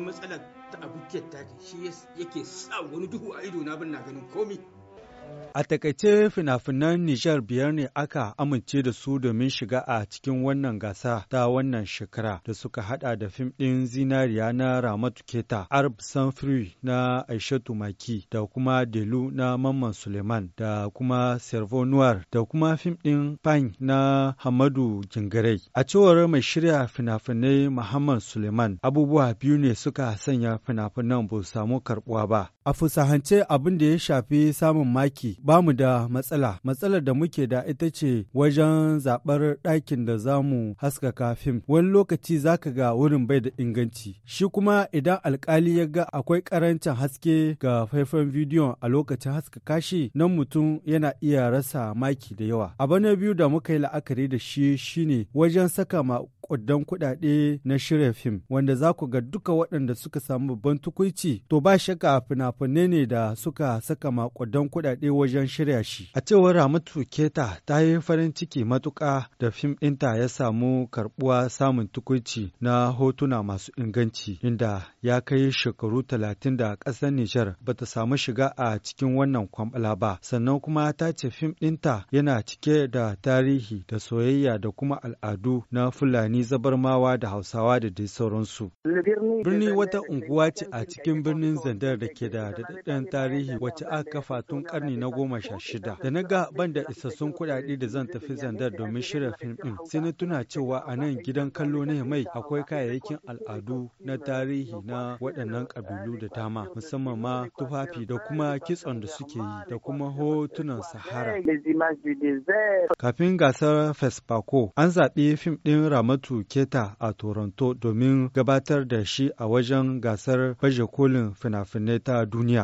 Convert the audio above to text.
matsalar ta abokiyar kyatta shi yake sa wani duhu a ido na bin na ganin komi A takaice finafinan Nijar biyar ne aka amince da su domin shiga a cikin wannan gasa ta wannan shekara da suka hada da fim ɗin Zinariya na Ramatu Keta, Arab Sanfri na Aishatu Maki da kuma Delu na Mamman Suleiman da kuma Servo Noir da kuma fim ɗin Pang na Hamadu Jingarai. A cewar mai shirya fina-finai Muhammad Suleiman, abubuwa biyu ne suka sanya finafinan finan ba samu karbuwa ba. A fusahance abin da ya shafi samun maki ba mu da matsala. Matsalar da muke da ita ce wajen zaɓar ɗakin da za mu haskaka fim. Wani lokaci zaka ga wurin bai da inganci. Shi kuma idan alkali ya ga akwai ƙarancin haske ga faifan bidiyon a lokacin haskaka shi nan mutum yana iya rasa maki da yawa. Abu na biyu da muka yi la'akari da shi shine wajen saka ma makudan kuɗaɗe na shirya fim wanda za ku ga duka waɗanda suka samu babban tukuici to ba shakka fina-finai ne da suka saka makudan kuɗaɗe wajen shirya shi. A cewar Ramatu Keta ta yi farin ciki matuƙa da fim ɗinta ya samu karɓuwa samun tukuici na hotuna masu inganci inda ya kai shekaru talatin da ƙasar Nijar ba ta samu shiga a cikin wannan kwamɓala ba sannan kuma ta ce fim ɗinta yana cike da tarihi da soyayya da kuma al'adu na Fulani tsakanin zabarmawa da Hausawa da dai sauransu. Birni wata unguwa ce a cikin birnin Zandar da ke da daɗaɗɗen tarihi wacce aka kafa tun ƙarni na goma sha shida. Da na ga ban da isassun kuɗaɗe da zan tafi Zandar domin shirya fim ɗin. Sai na tuna cewa a nan gidan kallo na mai akwai kayayyakin al'adu na tarihi na waɗannan ƙabilu da dama musamman ma tufafi da kuma kitson da suke yi da kuma hotunan sahara. Kafin gasar Fesfako an zaɓi fim ɗin rama Aminatu Keta a Toronto domin gabatar da shi a wajen gasar baje kolin fina-finai ta duniya.